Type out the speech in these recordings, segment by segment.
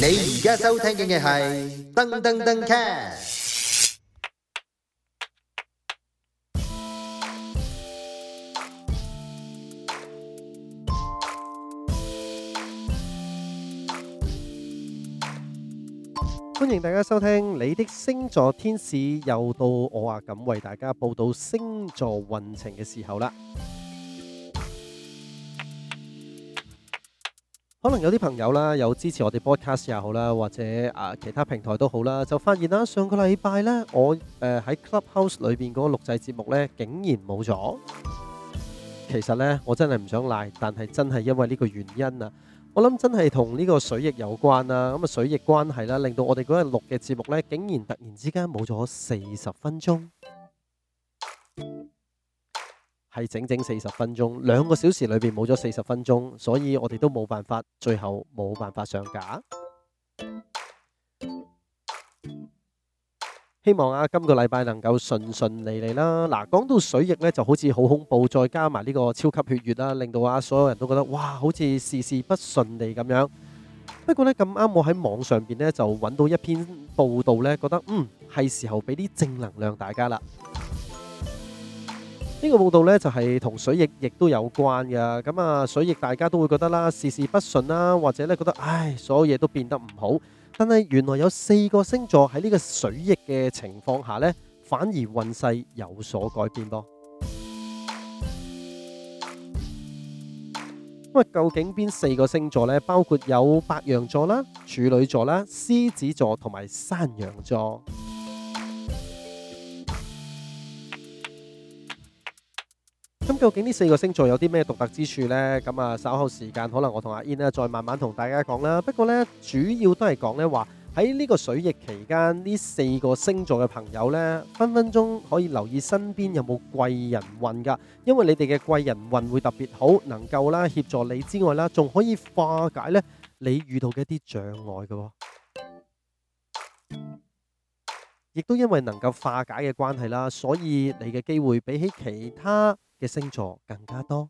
你而家收聽嘅係噔噔噔 cast，歡迎大家收聽你的星座天使，又到我阿感為大家報道星座運程嘅時候啦。可能有啲朋友啦，有支持我哋 broadcast 又好啦，或者啊其他平台都好啦，就發現啦上個禮拜咧，我誒喺、呃、Clubhouse 裏邊嗰個錄製節目咧，竟然冇咗。其實咧，我真係唔想賴，但係真係因為呢個原因啊，我諗真係同呢個水液有關啦。咁啊，水液關係啦，令到我哋嗰日錄嘅節目咧，竟然突然之間冇咗四十分鐘。係整整四十分鐘，兩個小時裏邊冇咗四十分鐘，所以我哋都冇辦法，最後冇辦法上架。希望啊，今個禮拜能夠順順利利啦。嗱，講到水逆呢，就好似好恐怖，再加埋呢個超級血月啦，令到啊所有人都覺得哇，好似事事不順利咁樣。不過呢咁啱，我喺網上邊呢就揾到一篇報道呢，覺得嗯係時候俾啲正能量大家啦。呢、呢個報道呢，就係同水逆亦都有關㗎，咁啊水逆大家都會覺得啦，事事不順啦，或者咧覺得唉，所有嘢都變得唔好。但係原來有四個星座喺呢個水逆嘅情況下呢，反而運勢有所改變咯。喂，究竟邊四個星座呢？包括有白羊座啦、處女座啦、獅子座同埋山羊座。咁究竟呢四個星座有啲咩獨特之處呢？咁啊，稍後時間可能我同阿 In 呢再慢慢同大家講啦。不過呢，主要都係講呢話喺呢個水逆期間，呢四個星座嘅朋友呢，分分鐘可以留意身邊有冇貴人運噶。因為你哋嘅貴人運會特別好，能夠啦協助你之外啦，仲可以化解呢你遇到嘅一啲障礙嘅。亦都因為能夠化解嘅關係啦，所以你嘅機會比起其他。嘅星座更加多，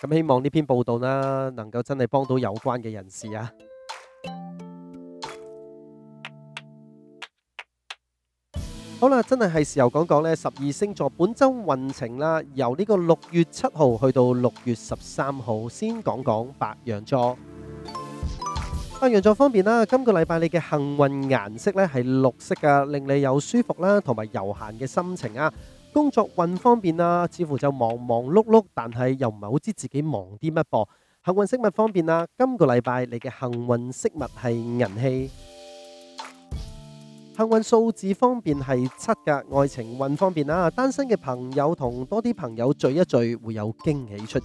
咁希望呢篇報道呢能夠真係幫到有關嘅人士啊！好啦，真係係時候講講呢十二星座本周運程啦，由呢個六月七號去到六月十三號，先講講白羊座。白羊座方面啦，今個禮拜你嘅幸運顏色咧係綠色噶，令你有舒服啦，同埋悠閒嘅心情啊。工作運方面啊，似乎就忙忙碌碌，但係又唔係好知自己忙啲乜噃。幸運飾物方面啊。今個禮拜你嘅幸運飾物係銀器。幸運數字方面係七噶，愛情運方面啊。單身嘅朋友同多啲朋友聚一聚會有驚喜出現。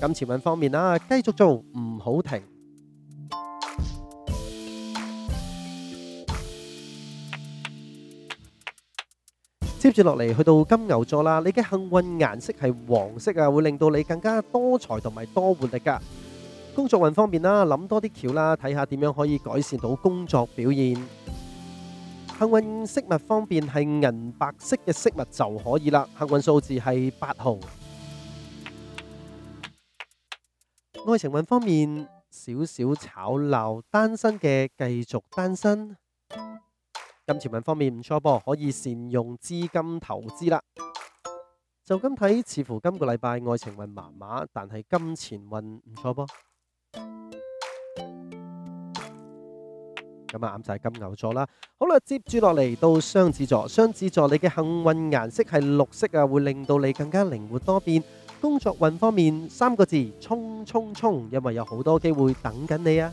金錢運方面啊，繼續做唔好停。接住落嚟去到金牛座啦，你嘅幸運顏色係黃色啊，會令到你更加多才同埋多活力噶。工作運方面啦，諗多啲橋啦，睇下點樣可以改善到工作表現。幸運飾物方面係銀白色嘅飾物就可以啦。幸運數字係八號。愛情運方面，少少吵鬧，單身嘅繼續單身。金錢運方面唔錯噃，可以善用資金投資啦。就咁睇，似乎今個禮拜愛情運麻麻，但係金錢運唔錯噃。咁啊，啱晒金牛座啦。好啦，接住落嚟到雙子座，雙子座你嘅幸運顏色係綠色啊，會令到你更加靈活多變。工作運方面，三個字，衝衝衝，因為有好多機會等緊你啊。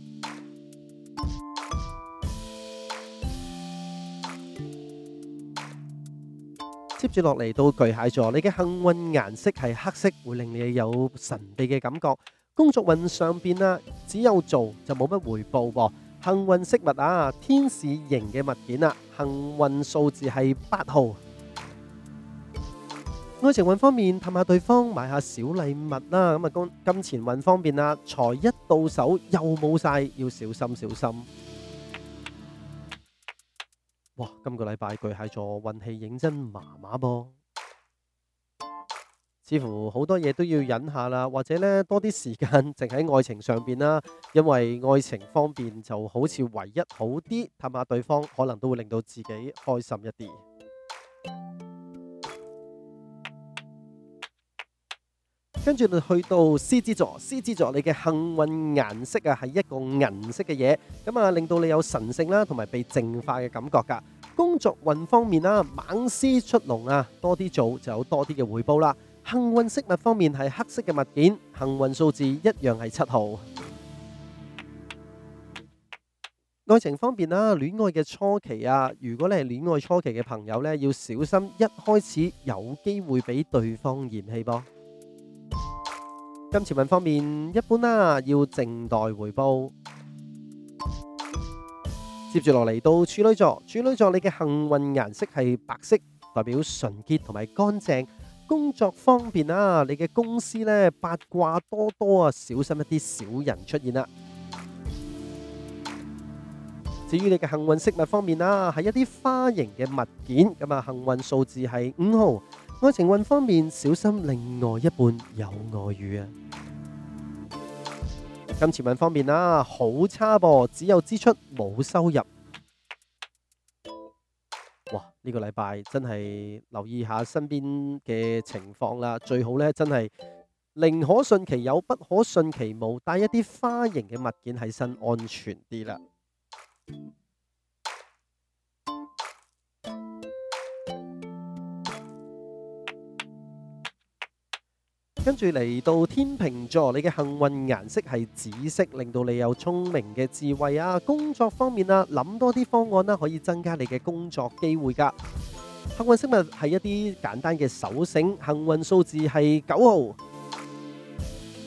接住落嚟到巨蟹座，你嘅幸運顏色係黑色，會令你有神秘嘅感覺。工作運上面啦，只有做就冇乜回報喎。幸運飾物啊，天使形嘅物件啦。幸運數字係八號。愛情運方面，氹下對方，買下小禮物啦。咁啊，金金錢運方面啊，財一到手又冇晒，要小心小心。哇，今個禮拜巨蟹座運氣認真麻麻噃，似乎好多嘢都要忍下啦，或者呢多啲時間淨喺愛情上邊啦，因為愛情方面就好似唯一好啲，氹下對方可能都會令到自己開心一啲。跟住去到獅子座，獅子座你嘅幸運顏色啊，係一個銀色嘅嘢，咁啊令到你有神聖啦，同埋被淨化嘅感覺噶。工作運方面啦，猛獅出籠啊，多啲做就有多啲嘅回報啦。幸運飾物方面係黑色嘅物件，幸運數字一樣係七號。愛情方面啦，戀愛嘅初期啊，如果你係戀愛初期嘅朋友呢，要小心一開始有機會俾對方嫌棄噃。金錢運方面一般啦，要靜待回報。接住落嚟到處女座，處女座你嘅幸運顏色係白色，代表純潔同埋乾淨。工作方面啊，你嘅公司呢，八卦多多啊，小心一啲小人出現啦。至於你嘅幸運飾物方面啦，係一啲花形嘅物件，咁啊幸運數字係五號。愛情運方面，小心另外一半有外遇啊！金錢運方面啦，好差噃、啊，只有支出冇收入。哇！呢、這個禮拜真係留意下身邊嘅情況啦，最好呢，真係寧可信其有，不可信其無，帶一啲花形嘅物件喺身，安全啲啦。跟住嚟到天秤座，你嘅幸運顏色係紫色，令到你有聰明嘅智慧啊！工作方面啊，諗多啲方案啦，可以增加你嘅工作機會噶。幸運飾物係一啲簡單嘅手繩，幸運數字係九號。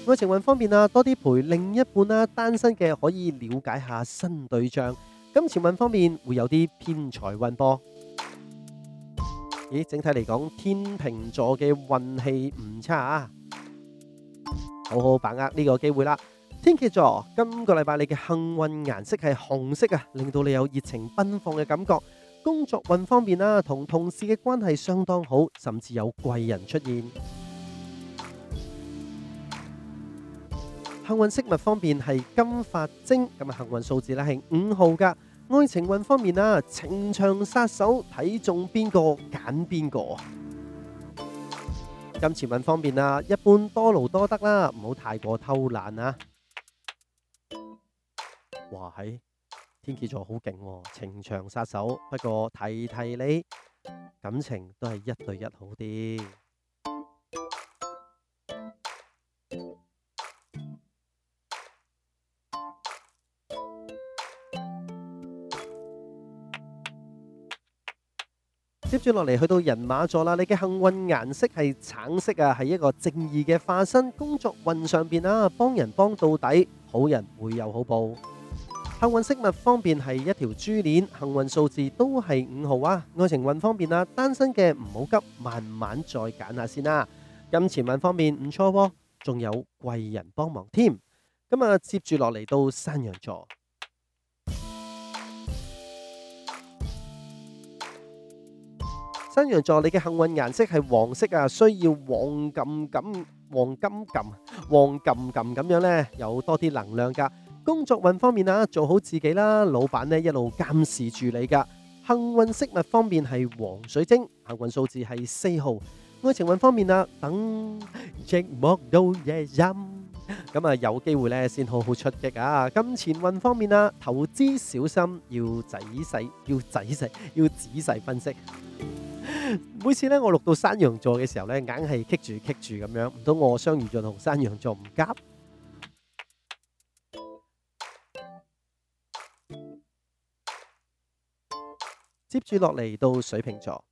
愛情運方面啊，多啲陪另一半啦，單身嘅可以了解下新對象。金錢運方面會有啲偏財運波。咦，整體嚟講，天秤座嘅運氣唔差啊！好好把握呢個機會啦！天蠍座今個禮拜，你嘅幸運顏色係紅色啊，令到你有熱情奔放嘅感覺。工作運方面啦，同同事嘅關係相當好，甚至有貴人出現。幸運飾物方面係金髮晶，咁啊幸運數字咧係五號噶。愛情運方面啦，情場殺手睇中邊個揀邊個。金錢方面啦，一般多勞多得啦，唔好太過偷懶啦、啊。哇喺天蠍座好勁，情場殺手，不過睇睇你感情都係一對一好啲。接住落嚟去到人馬座啦，你嘅幸運顏色係橙色啊，係一個正義嘅化身。工作運上邊啊，幫人幫到底，好人會有好報。 幸運飾物方面係一條珠鏈，幸運數字都係五號啊。愛情運方面啊，單身嘅唔好急，慢慢再揀下先啦。金錢運方面唔錯，仲有貴人幫忙添。咁啊，接住落嚟到山羊座。山羊座，你嘅幸運顏色係黃色啊，需要黃金咁黃金咁黃金咁咁樣呢，有多啲能量噶。工作運方面啊，做好自己啦，老闆呢一路監視住你噶。幸運飾物方面係黃水晶，幸運數字係四號。愛情運方面啊，等寂寞到夜深咁啊，有機會呢先好好出擊啊。金錢運方面啊，投資小心，要仔細，要仔細，要仔細分析。每次咧，我錄到山羊座嘅時候咧，硬係棘住棘住咁樣。唔通我雙魚座同山羊座唔夾？接住落嚟到水瓶座。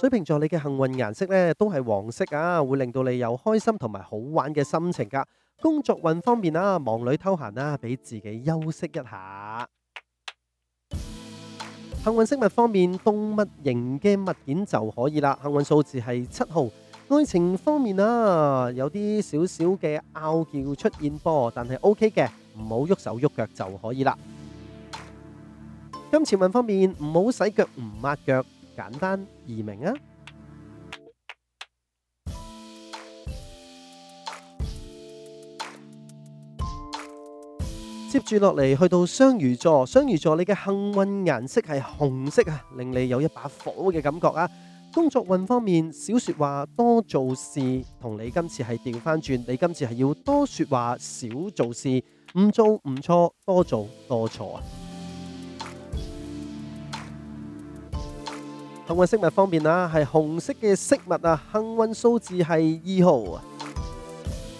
水瓶座你嘅幸運顏色咧，都係黃色啊，會令到你有開心同埋好玩嘅心情噶。工作運方面啊，忙裏偷閒啊，俾自己休息一下。幸運飾物方面，動物形嘅物件就可以啦。幸運數字係七號。愛情方面啊，有啲少少嘅拗撬出現噃，但係 OK 嘅，唔好喐手喐腳就可以啦。金錢運方面，唔好洗腳唔抹腳，簡單易明啊。接住落嚟，去到雙魚座，雙魚座你嘅幸運顏色係紅色啊，令你有一把火嘅感覺啊。工作運方面，少說話多做事，同你今次係調翻轉，你今次係要多說話少做事，唔做唔錯，多做多錯啊。幸運飾物方面啊，係紅色嘅飾物啊，幸運數字係二號啊。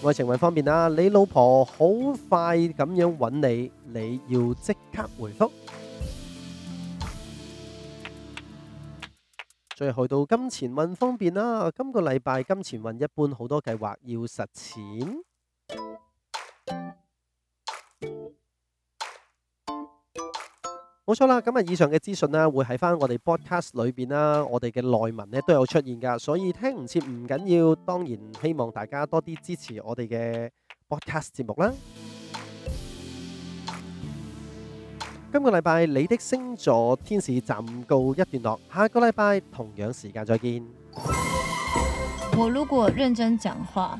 愛情運方面啦，你老婆好快咁樣搵你，你要即刻回覆。最後到金錢運方面啦，今個禮拜金錢運一般，好多計劃要實踐。冇錯啦，咁啊，以上嘅資訊啦，會喺翻我哋 podcast 裏邊啦，我哋嘅內文咧都有出現噶，所以聽唔切唔緊要，當然希望大家多啲支持我哋嘅 podcast 節目啦。 今個禮拜你的星座天使暫告一段落，下個禮拜同樣時間再見。我如果認真講話。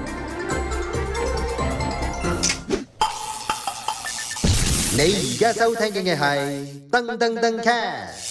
你而家收聽緊嘅係噔噔噔 cast》登登登。